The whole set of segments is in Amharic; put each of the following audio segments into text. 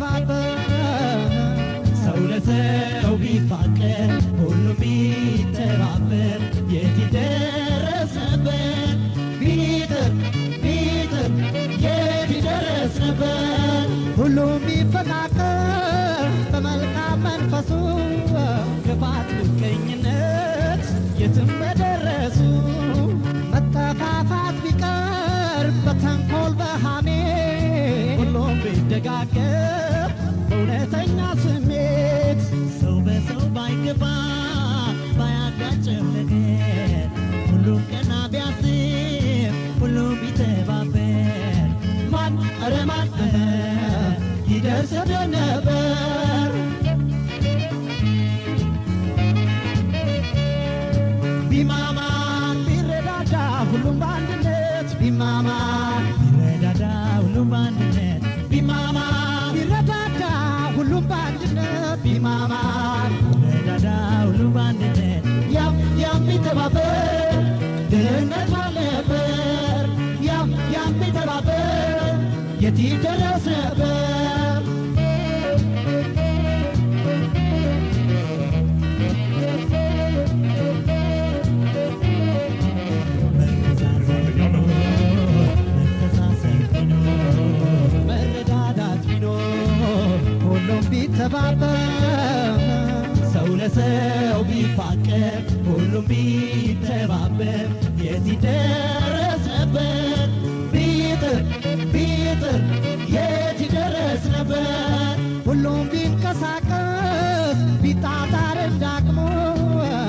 ቢተባበር ሰው ለሰው ቢፋቀር ሁሉም ቢተባበር የት ይደረስ ቢጥር ቢጥር የት ሁሉም ቢፈቃቀር በመልካም መንፈሱ ክፋት፣ ምቀኝነት የትም ያርማት ይደርሰን ነበር ቢማማ ቢረዳዳ ሁሉም በአንድነት ቢማማ ቢረዳዳ ሁሉም በአንድነት ቢማማን ቢረዳዳ ሁሉም በአንድነት ቢማማን ቢረዳዳ ሁሉም በአንድነት ቢተባበር ሰው ለሰው ቢፋቀር ሁሉም ቢተባበር የዚህ ደረሰበት ቢጥር ቢጥር የት ይደረስ ነበር ሁሉም ቢንቀሳቀስ ቢጣጣር እንዳቅሞ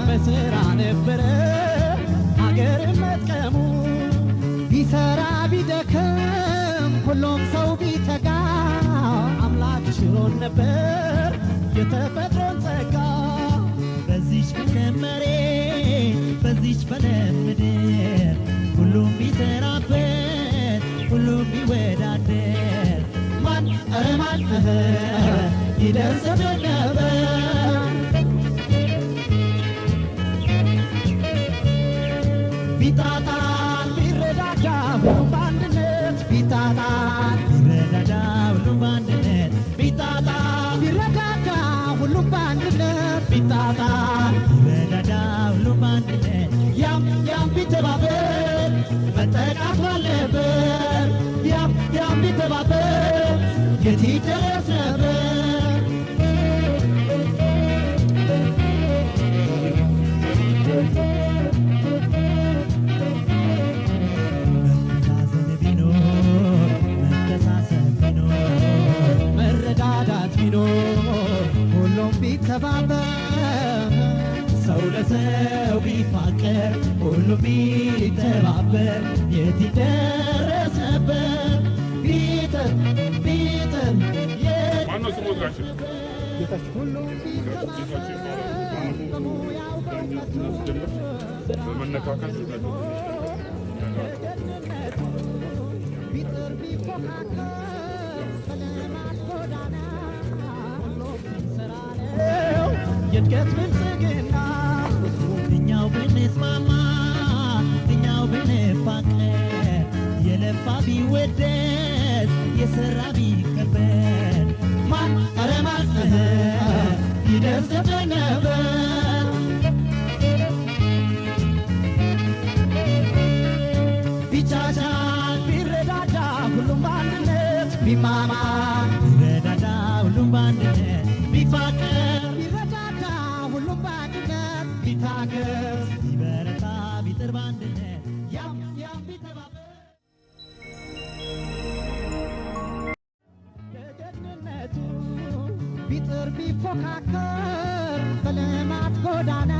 በስራ ነበረ አገር መጥቀሙ ቢሰራ ቢደክም ሁሉም ሰው ቢተጋ አምላክ ችሎን ነበር የተፈጥሮን ጸጋ በዚች ፍቅር መሬት በዚች ፈለም ምድር ሁሉም ቢሰራበት ሁሉም ቢወዳደር ማን ኧረ ማን ነበር ቢያጣ ይረዳዳል ሁሉም ያም ያም ቢተባበር መጠቃት ባለበት ያም ያም ቢተባበር ቢተባበር የት ይደረስ ነበር? ቢጥር የእድገት ብልጽግና እኛው ብንስማማ የለፋ ቢወደስ የሰራ ቢከበር ነበር ቢጥር ቢፎካከር በልማት ጎዳና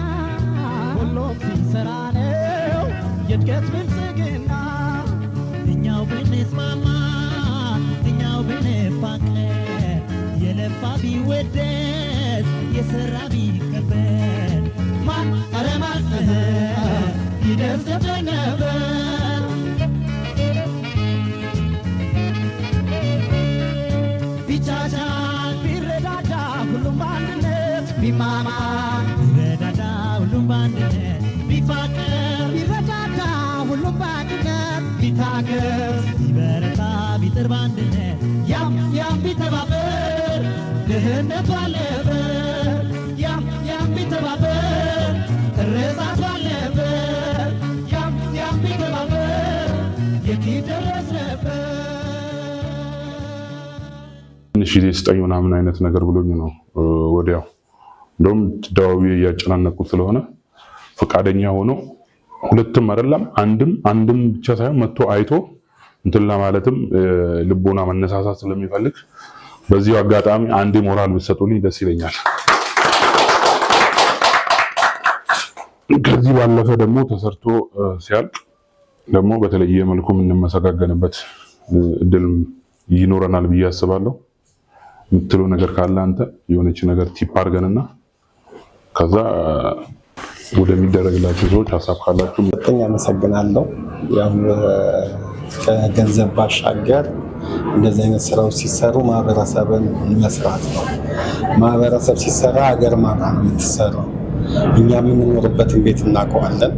ሁሉም ሲሰራ ነው የእድገት ብልጽግና። እኛው ብንስማማ እኛው ብንፋቀር የለፋ ቢወደስ የሰራ ቢከበር ማን ኧረ ቢማማ ቢረዳዳ ሁሉም በአንድነት ቢፋቀር ቢረዳዳ ሁሉም በአንድነት ቢታገር ቢበረታ ቢጥር በአንድነት ያም ያም ቢተባበር ድህነቱ አለበር ያም ያም ቢተባበር እርዛቱ አለበር ያም ያም ቢተባበር የት ነበር ትንሽ ጊዜ ስጠኝ ምናምን አይነት ነገር ብሎኝ ነው ወዲያው እንደውም ደዋዊ እያጨናነቁት ስለሆነ ፈቃደኛ ሆኖ ሁለትም አይደለም አንድም አንድም ብቻ ሳይሆን መጥቶ አይቶ እንትን ለማለትም ልቦና መነሳሳት ስለሚፈልግ በዚሁ አጋጣሚ አንድ ሞራል ብትሰጡልኝ ደስ ይለኛል። ከዚህ ባለፈ ደግሞ ተሰርቶ ሲያልቅ ደግሞ በተለየ መልኩ የምንመሰጋገንበት እድል ይኖረናል ብዬ አስባለሁ። የምትለው ነገር ካለ አንተ የሆነች ነገር ቲፕ አድርገንና ከዛ ወደሚደረግላቸው ሰዎች ሀሳብ ካላችሁ በጣም አመሰግናለሁ። ያው ከገንዘብ ባሻገር እንደዚህ አይነት ስራዎች ሲሰሩ ማህበረሰብን መስራት ነው። ማህበረሰብ ሲሰራ ሀገር ማራ ነው የምትሰራው። እኛ የምንኖርበትን ቤት እናውቀዋለን።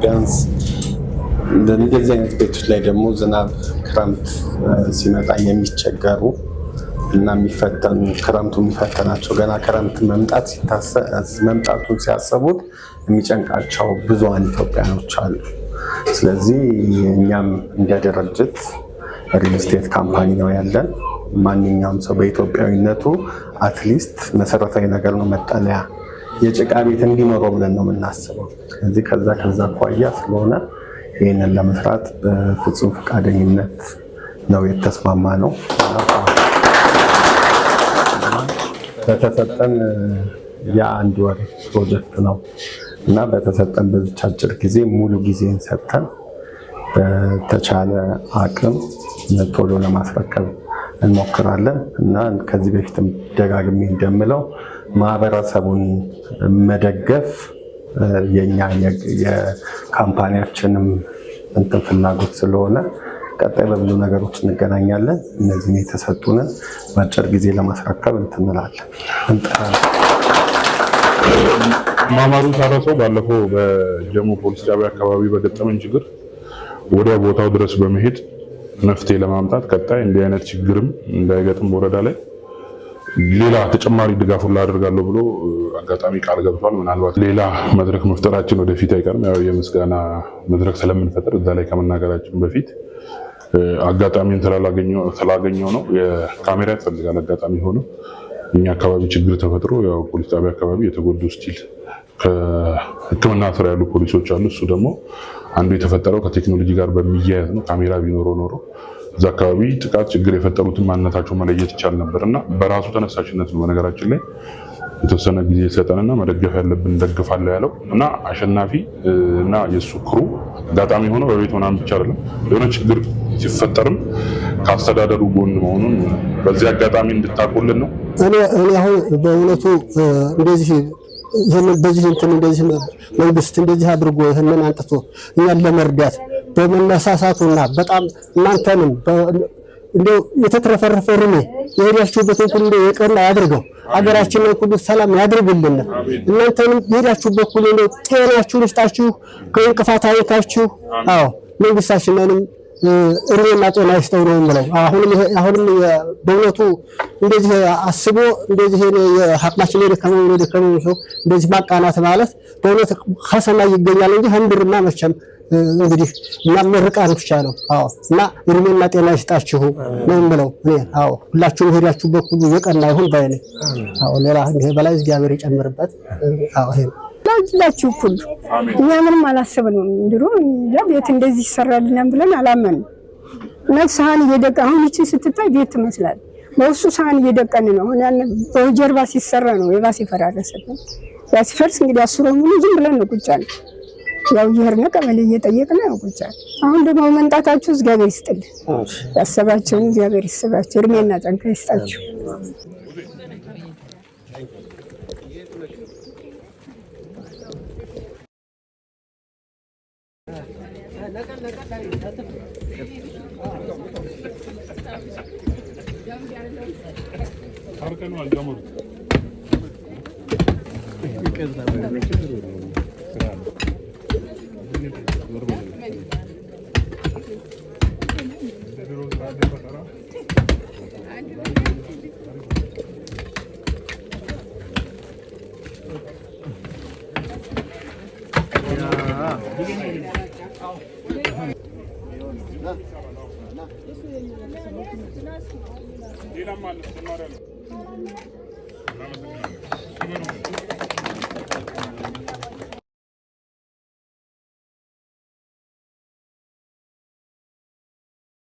ቢያንስ እንደዚህ አይነት ቤቶች ላይ ደግሞ ዝናብ ክረምት ሲመጣ የሚቸገሩ እና የሚፈተኑ ክረምቱ የሚፈተናቸው ገና ክረምት መምጣት መምጣቱን ሲያሰቡት የሚጨንቃቸው ብዙን ኢትዮጵያኖች አሉ። ስለዚህ እኛም እንደ ድርጅት ሪል ስቴት ካምፓኒ ነው ያለን። ማንኛውም ሰው በኢትዮጵያዊነቱ አትሊስት መሰረታዊ ነገር ነው መጠለያ፣ የጭቃ ቤት እንዲኖረው ብለን ነው የምናስበው። ስለዚህ ከዛ ከዛ አኳያ ስለሆነ ይህንን ለመስራት በፍጹም ፈቃደኝነት ነው የተስማማ ነው። በተሰጠን የአንድ ወር ፕሮጀክት ነው እና በተሰጠን በዚች አጭር ጊዜ ሙሉ ጊዜን ሰጥተን በተቻለ አቅም ቶሎ ለማስረከብ እንሞክራለን እና ከዚህ በፊትም ደጋግሜ እንደምለው ማህበረሰቡን መደገፍ የኛ የካምፓኒያችንም እንትን ፍላጎት ስለሆነ ቀጣይ በብዙ ነገሮች እንገናኛለን። እነዚህን የተሰጡንን በአጭር ጊዜ ለማስረከብ እንትንላለን እንጠራለን። ማማሩ ታረሶ ባለፈው በጀሞ ፖሊስ ጣቢያ አካባቢ በገጠመን ችግር ወደ ቦታው ድረስ በመሄድ መፍትሄ ለማምጣት ቀጣይ እንዲህ አይነት ችግርም እንዳይገጥም ወረዳ ላይ ሌላ ተጨማሪ ድጋፍ ሁላ አደርጋለሁ ብሎ አጋጣሚ ቃል ገብቷል። ምናልባት ሌላ መድረክ መፍጠራችን ወደፊት አይቀርም። ያው የምስጋና መድረክ ስለምንፈጥር እዛ ላይ ከመናገራችን በፊት አጋጣሚን ስላገኘው ነው። ካሜራ ይፈልጋል አጋጣሚ ሆኖ እኛ አካባቢ ችግር ተፈጥሮ ያው ፖሊስ ጣቢያ አካባቢ የተጎዱ ስቲል ከሕክምና ስራ ያሉ ፖሊሶች አሉ። እሱ ደግሞ አንዱ የተፈጠረው ከቴክኖሎጂ ጋር በሚያያዝ ነው። ካሜራ ቢኖረው ኖሮ እዛ አካባቢ ጥቃት ችግር የፈጠሩትን ማንነታቸው መለየት ይቻል ነበር እና በራሱ ተነሳሽነት ነው በነገራችን ላይ የተወሰነ ጊዜ ሰጠንና መደገፍ ያለብን ደግፋለ ያለው እና አሸናፊ እና የእሱ ክሩ አጋጣሚ ሆነ በቤት ምናምን ብቻ አይደለም የሆነ ችግር ሲፈጠርም ከአስተዳደሩ ጎን መሆኑን በዚህ አጋጣሚ እንድታቁልን ነው። እኔ አሁን በእውነቱ እንደዚህ ይህንን በዚህ እንትን እንደዚህ መንግስት እንደዚህ አድርጎ ይህንን አንጥቶ እኛን ለመርዳት በመነሳሳቱና በጣም እናንተንም እንደው የተትረፈረፈ ርሜ የሄዳችሁበትን ሁሉ የቀና ያድርገው፣ አገራችንን ሁሉ ሰላም ያድርግልን። እናንተንም የሄዳችሁበት ሁሉ ጤናችሁን ይስጣችሁ፣ ከእንቅፋት አይንካችሁ። አዎ መንግስታችንንም እድሜና ጤና ይስጠው ነው የምለው። አሁንም በእውነቱ እንደዚህ አስቦ እንደዚህ አቅማችን የደከመው የደከመው ሰው እንደዚህ ማቃናት ማለት በእውነት ከሰማይ ይገኛል እንጂ ህንብርማ መቸም እንግዲህ እና ምርቃን ብቻ ነው። አዎ እና እድሜና ጤና ይስጣችሁ ነው የምለው እኔ። አዎ ሁላችሁ ሄዳችሁበት ሁሉ የቀና ይሁን ባይ ነኝ። አዎ ሌላ በላይ እግዚአብሔር ይጨምርበት። አዎ ይሄ ይላችሁ ሁሉ እኛ ምንም አላሰብንም። ድሮ ቤት እንደዚህ ይሰራልናል ብለን አላመን እና ሳህን እየደቀ አሁን ይቺ ስትታይ ቤት ትመስላል። በውስጡ ሳህን እየደቀን ነው። በጀርባ ሲሰራ ነው የባስ የፈራረሰብን። ያ ሲፈርስ እንግዲህ አስሮን ሙሉ ዝም ብለን ነው ቁጭ ያለ ያው ይሄርነ ቀበሌ እየጠየቅን ነው ቁጭ ያለ። አሁን ደግሞ መምጣታችሁ እግዚአብሔር ይስጥልን። ያሰባችሁን እግዚአብሔር ይስባችሁ፣ እድሜና ጸጋ ይስጣችሁ። Tarkan'ı alacağım Bir kez daha böyle. Dilan mı anlatsın var öyle? Thank you.